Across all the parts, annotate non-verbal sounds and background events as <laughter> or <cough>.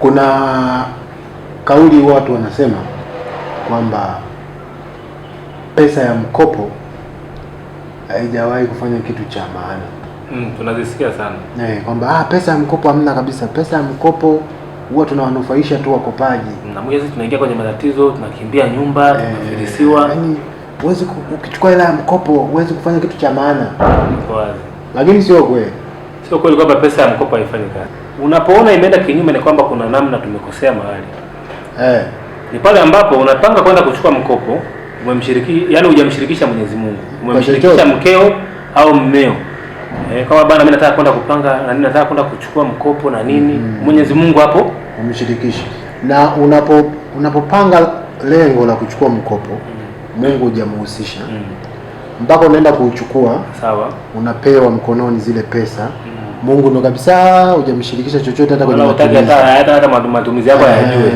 Kuna kauli watu wanasema kwamba pesa ya mkopo haijawahi kufanya kitu cha maana. Mm, tunazisikia sana eh, kwamba ah, pesa ya mkopo hamna kabisa. Pesa ya mkopo huwa tunawanufaisha tu wakopaji, na mwezi tunaingia kwenye matatizo, tunakimbia nyumba, eh, tunafilisiwa. Yani huwezi ukichukua hela ya mkopo huwezi kufanya kitu cha maana, lakini sio kweli, sio kweli kwamba pesa ya mkopo haifanyi kazi unapoona imeenda kinyume ni kwamba kuna namna tumekosea mahali eh. Ni pale ambapo unapanga kwenda kuchukua mkopo umemshiriki, yani hujamshirikisha Mwenyezi Mungu, umemshirikisha mkeo au mmeo eh, kama bana, mimi nataka kwenda kupanga na nini, nataka kwenda kuchukua mkopo na nini mm. Mwenyezi Mungu hapo umemshirikisha, na unapo unapopanga lengo la kuchukua mkopo mm. Mungu hujamhusisha mm. mpaka unaenda kuuchukua, sawa, unapewa mkononi zile pesa mm. Mungu ndo kabisa, hujamshirikisha chochote hata kwenye matumizi hata hata matumizi yako eh. hayajui.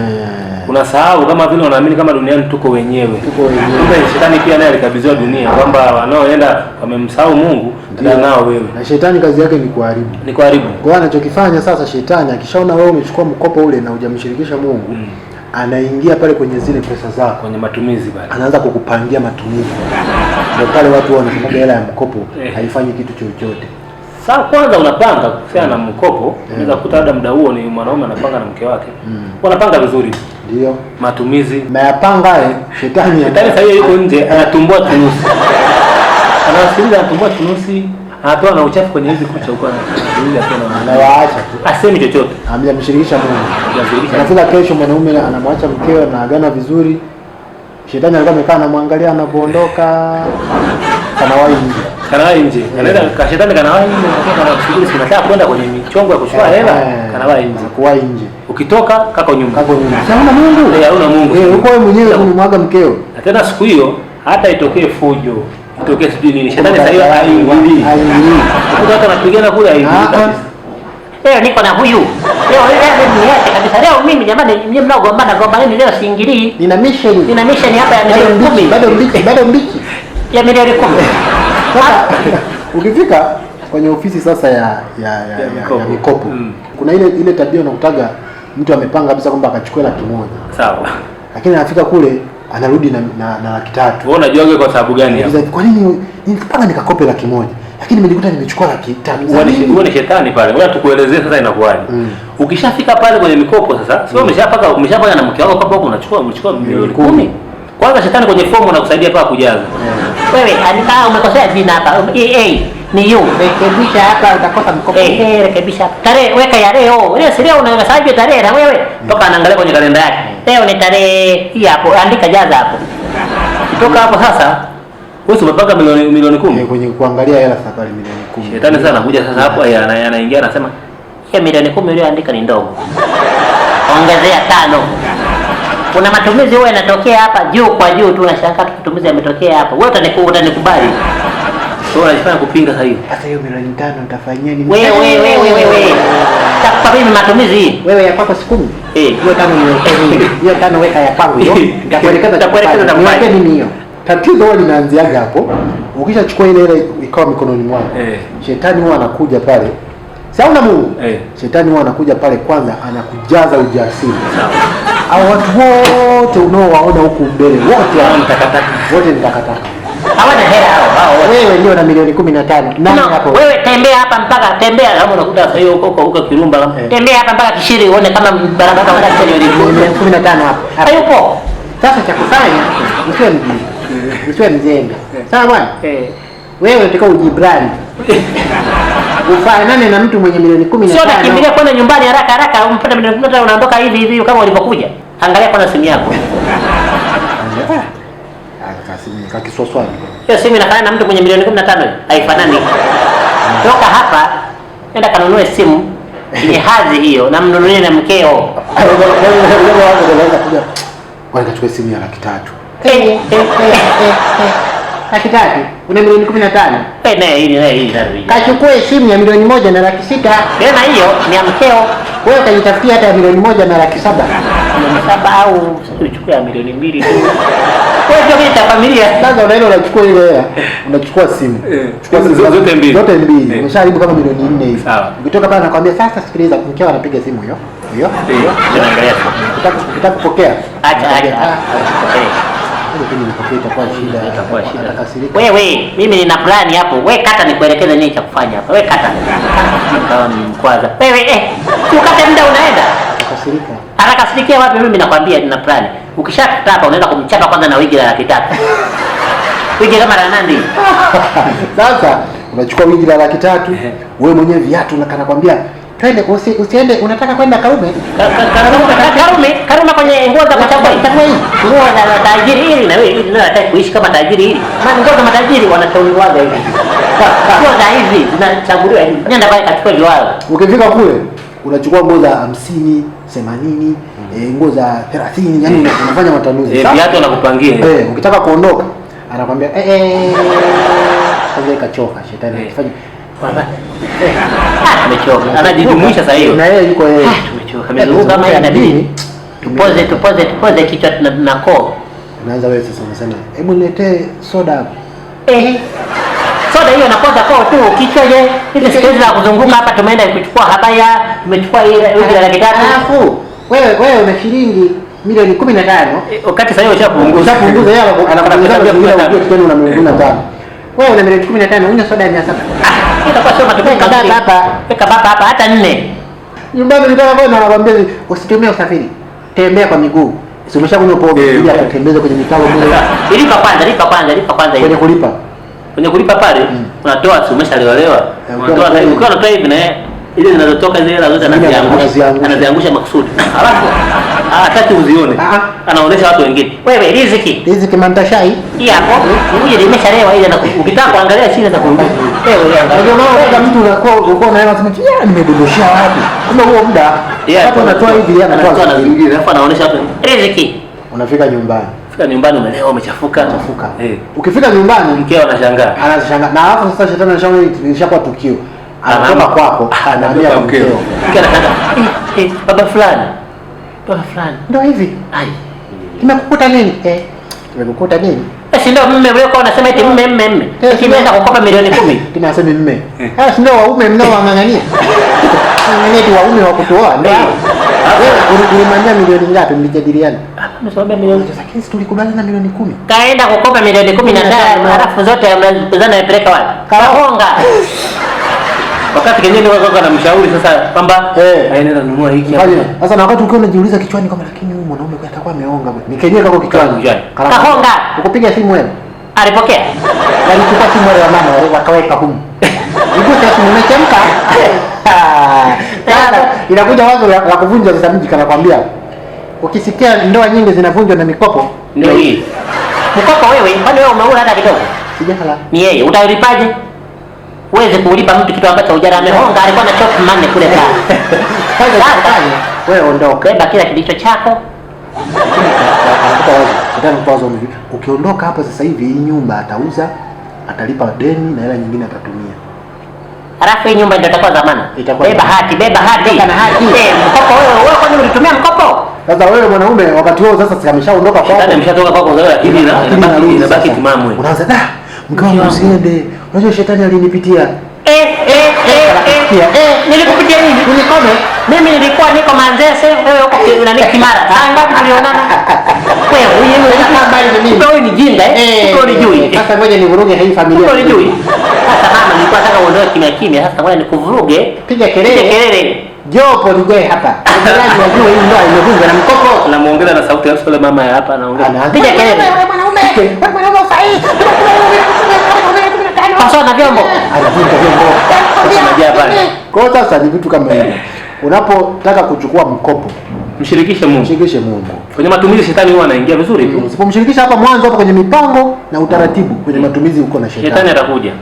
Unasahau kama vile wanaamini kama duniani tuko wenyewe. Tuko wenyewe. Kumbe shetani pia naye alikabidhiwa dunia kwamba wanaoenda wamemsahau Mungu ndio nao wewe. Na shetani kazi yake ni kuharibu. Ni kuharibu. Kwa hiyo anachokifanya sasa shetani akishaona wewe umechukua mkopo ule na hujamshirikisha Mungu, mm. Anaingia pale kwenye zile pesa zako kwenye matumizi pale. Anaanza kukupangia matumizi. Ndio pale watu wanasema hela ya mkopo eh. haifanyi kitu chochote saa kwanza unapanga mm. kuhusiana na mkopo, mm. unaweza kukuta labda muda huo ni mwanaume anapanga na mke wake. mm. Wanapanga vizuri. Ndio. Matumizi. Na yapanga eh, shetani. Shetani sasa yuko nje anatumbua tunusi. Anasikiliza anatumbua tunusi. Anatoa na uchafu kwenye hizi kucha huko anasikiliza tena na waacha tu. Asemi chochote. Amjamshirikisha Mungu. Anafika kesho mwanaume anamwacha mkewe na agana vizuri. Shetani alikuwa amekaa anamwangalia anapoondoka. Kama wapi? kanawai nje anaweza eh. kashetani kanawai nje kama kushukuru sikataka kwenda kwenye michongo ya kushukua hela eh. kanawai nje kwa nje ukitoka kako nyumba kako nyumba sasa Mungu eh hauna Mungu eh uko wewe mwenyewe unamwaga mkeo na tena siku hiyo hata itokee fujo itokee sijui nini shetani sasa hiyo haingilii haingilii kuna watu wanapigana kule haingilii leo ah, ah. eh, niko na huyu leo leo niache kabisa leo mimi jamani mimi mnaogombana gombaneni leo siingilii nina mission nina mission hapa ya milioni 10 bado mbichi bado mbichi ya milioni 10 Ah. ukifika kwenye ofisi sasa ya ya, ya, ya, ya, ya mikopo mm. kuna ile ile tabia unakutaga mtu amepanga kabisa kwamba akachukua laki moja sawa, lakini anafika kule anarudi na na, na laki tatu. Wewe unajua Kwa sababu gani hapo? Kwa nini nilipanga nikakope laki moja lakini nimejikuta nimechukua laki tano? Wewe ni shetani pale. Wewe tukuelezee sasa inakuwaje. Mm. Ukishafika pale kwenye mikopo sasa, sio mm. umeshapaka umeshapaka na mke wako kwa sababu unachukua unachukua milioni 10. Kwanza shetani kwenye fomu anakusaidia paka kujaza. Yeah wewe alika umekosea jina hapa ee ni yu rekebisha hapa, utakosa mkopo eh, rekebisha tarehe, weka ya leo leo, si leo unawezaje tarehe? Na wewe toka anaangalia kwenye kalenda yake, leo ni tarehe hii hapo, andika jaza hapo. Kutoka hapo sasa wewe umepanga milioni milioni 10 kwenye kuangalia hela sasa milioni 10. Shetani sana anakuja sasa hapo anaingia anasema, "Hii milioni 10 uliyoandika ni ndogo. Ongezea tano." kuna matumizi huwa yanatokea hapa juu kwa juu tu, unashangaa matumizi yametokea hapa. Wewe utaniku utanikubali? Wewe unajifanya kupinga sasa hivi. Sasa hiyo milioni 5 utafanyia nini? Wewe wewe wewe wewe. wewe. Takupa mimi matumizi. hii. Wewe ya kwako siku. Eh, hiyo tano ni hiyo tano weka ya kwangu hiyo. <laughs> Nitakuelekeza nitakuelekeza na mimi Ni hiyo. Tatizo wewe linaanziaga hapo. Ukishachukua ile ile ikawa mikononi mwako. Eh. Shetani huwa anakuja pale. Sawa na Mungu. Eh. Shetani huwa anakuja pale kwanza anakujaza ujasiri. Sawa au watu wote unaowaona huku mbele wote hawa ni takataka, wote ni takataka, hawana hela hao hao. Wewe ndio na milioni 15 nani hapo? Wewe tembea hapa mpaka tembea, kama unakuta sasa hiyo huko huko Kirumba, eh. tembea hapa mpaka Kishiri uone kama barabara wana milioni 15 hapo hayupo. Sasa cha kufanya usiwe mjinga, usiwe mjinga, eh. sawa bwana. Eh. Wewe unataka ujibrand <laughs> Ufanane na mtu mwenye milioni kumi na tano. Sio nakimbilia kwenda nyumbani haraka haraka, umpata milioni kumi na tano unaondoka hivi hivi kama ulivyokuja. Angalia kwanza simu yako. Ah, hiyo simu inafanana na mtu mwenye milioni kumi na 15? Haifanani. Toka hapa enda kanunue simu ni hadhi hiyo na mnunulie na mkeo. Kwa <laughs> nikachukua simu ya laki tatu. Eh, eh, eh, laki tatu una milioni kumi na tano eh, eh, kachukue simu ya milioni moja na laki sita tena hiyo ni ya mkeo wewe ukajitafutia hata ya milioni moja na laki saba milioni saba au uchukue ya milioni mbili tu familia sasa unaenda unachukua ile hela unachukua simu eh, zote mbili zote mbili umesharibu kama milioni nne hivi ukitoka pale nakwambia sasa sikiliza mkeo anapiga simu hiyo hiyo ukitaka acha acha ah itakuwa shida. Wewe mimi nina plani hapo, Wewe kata nikuelekeze nini cha kufanya hapa, Wewe kata ni nikwaza wewe, eh, ukate muda unaenda kasirika. atakasirikia wapi? Mimi nakwambia nina plani, ukishakata hapa unaenda kumchapa kwanza na wigi la laki tatu wigi kama la nani <laughs> sasa unachukua wigi la laki tatu wewe mwenyewe viatu na kanakwambia Twende usi, usiende unataka kwenda Karume. Karume, Karume kwenye nguo za kuchapa itakuwa hii. Nguo za tajiri hili na wewe ndio unataka kuishi kama tajiri hili. Maana nguo za matajiri wanachaguliwa hivi. Nguo za hizi zinachaguliwa hivi. Nenda pale kachukua liwalo. Ukifika kule unachukua nguo za 50, 80, eh, nguo za 30, yani unafanya matanuzi. Eh, viatu anakupangia. Eh, ukitaka kuondoka anakwambia eh eh. eh, eh, eh. Kachoka shetani. Fanya Amechoka. Anajidumuisha sasa hiyo. Na yeye yuko yeye. Tumechoka. Amezunguka kama inabidi. Tupoze tupoze tupoze kichwa na koo. Unaanza wewe sasa unasema, "Hebu niletee soda hapo." Eh. Soda hiyo nakosa koo tu kichwa je. Ile stage ya kuzunguka hapa tumeenda kuchukua habaya, tumechukua ile ile laki tatu. Alafu wewe wewe una shilingi milioni 15. Eh, wakati sasa hiyo ushapunguza. Ushapunguza yeye anapata pesa milioni 15 wewe una milioni 15 unywa soda ya 700. Ah, itakuwa sio matumizi hapa. Peka hapa hata nne. Nyumbani nitaka kwenda usitumie usafiri. Tembea kwa miguu. Si umeshakunywa pombe eh, ili atatembeza eh. kwenye mitaro <laughs> mbele. Lipa kwanza, lipa kwanza, lipa kwanza. Kwenye kulipa. Kwenye kulipa pale hmm. unatoa si Unatoa eh, ukiwa unatoa hivi na ile zinazotoka zile anaziangusha makusudi. Alafu hataki ah, uzione, ah, ah. anaonesha watu wengine. Wewe riziki riziki mantashai hii hapo uje imeshalewa ile, na ukitaka kuangalia shida za kuongea wewe, angalia kama mtu anakuwa uko na hela unasema ya nimedondoshia wapi? Kumbe huo muda hapo anatoa hivi, anatoa na zingine, Hapo anaonesha watu riziki. Unafika nyumbani, fika nyumbani, umelewa, umechafuka, umechafuka. Eh. Ukifika nyumbani, mkeo anashangaa, anashangaa, na hapo sasa shetani anashangaa, ilishakuwa tukio, anatoka kwako, <laughs> anaambia mkeo, mkeo anashangaa, <laughs> eh, eh, baba fulani dola fulani. Ndio hivi. Ai. Nimekukuta mm. nini? Eh. Nimekukuta nini? Si ndio mume wewe kwa unasema eti mume mume mume. Eh, Kimeenda kukopa milioni 10. Tunasema <laughs> mume. Eh. Ah, si ndio waume mnao wangangania. Ngangania tu waume wa kutoa ndio. Eh. Wewe ulimwambia milioni ngapi mlijadiliana? Msombe milioni 9. tulikubali na milioni 10. Kaenda kukopa milioni 10 na dai, halafu zote mnazana yapeleka wapi? Kaonga. <laughs> wakati kenyeni wako na mshauri sasa kwamba eh, aende anunua hiki hapa. Sasa na wakati ukiwa unajiuliza kichwani kama lakini huyu mwanaume atakuwa ameonga bwana. Ni kenyewe kako kichwani. Kahonga. Ukupiga simu wewe. Alipokea. Alichukua yaani simu wale wa mama wale wakaweka humu. Nikuwa sasa umechemka. Sasa <laughs> inakuja wazo la, la kuvunja sasa mji kana kwambia. Ukisikia ndoa nyingi zinavunjwa na mikopo, ndio hii. Mikopo wewe, kwani wewe umeona hata kidogo? Sijala. Ni yeye, utalipaje? uweze kulipa mtu kitu ambacho hujara amehonga, alikuwa na choki manne kule pale. Sasa wewe ondoke, baki kila kilicho chako. Ukiondoka hapa sasa hivi, hii nyumba atauza, atalipa deni na hela nyingine atatumia. Halafu hii nyumba ndio itakuwa dhamana. Beba hati, beba hati. Kana hati. Eh, mkopo wewe, wewe kwani ulitumia mkopo? Sasa wewe mwanaume wakati huo sasa sikameshaondoka kwako. Sasa ameshatoka kwako, lakini inabaki timamwe. Unaanza da, ah, mkao msiende. Unajua shetani alinipitia. Eh, eh, eh, eh, nilikupitia eh, eh, eh, nini? Unikome. Mimi nilikuwa niko Manzese, wewe uko unani Kimara. ngapi tulionana? <laughs> Wewe, Wewe ni jinda eh? unijui. Sasa ngoja nivuruge hii familia. unijui. Sasa mama, nilikuwa nataka uondoe kimya kimya, sasa ngoja nikuvuruge. Piga kelele. Piga kelele. Jopo ligoe hapa. Mlaji wajua hii ndoa imevunjwa na mkopo. Namuongeza na sauti ya yule mama hapa anaongea. Piga kelele. Mwanaume. na vyombo, anavuta vyombo, anajaa pale. Kwa hiyo sasa ni vitu kama hivi. unapotaka kuchukua mkopo mshirikishe Mungu, mshirikishe Mungu kwenye matumizi. Shetani huwa anaingia vizuri tu, usipomshirikisha hapa mwanzo, hapa kwenye mipango na utaratibu, kwenye matumizi uko na shetani, shetani atakuja.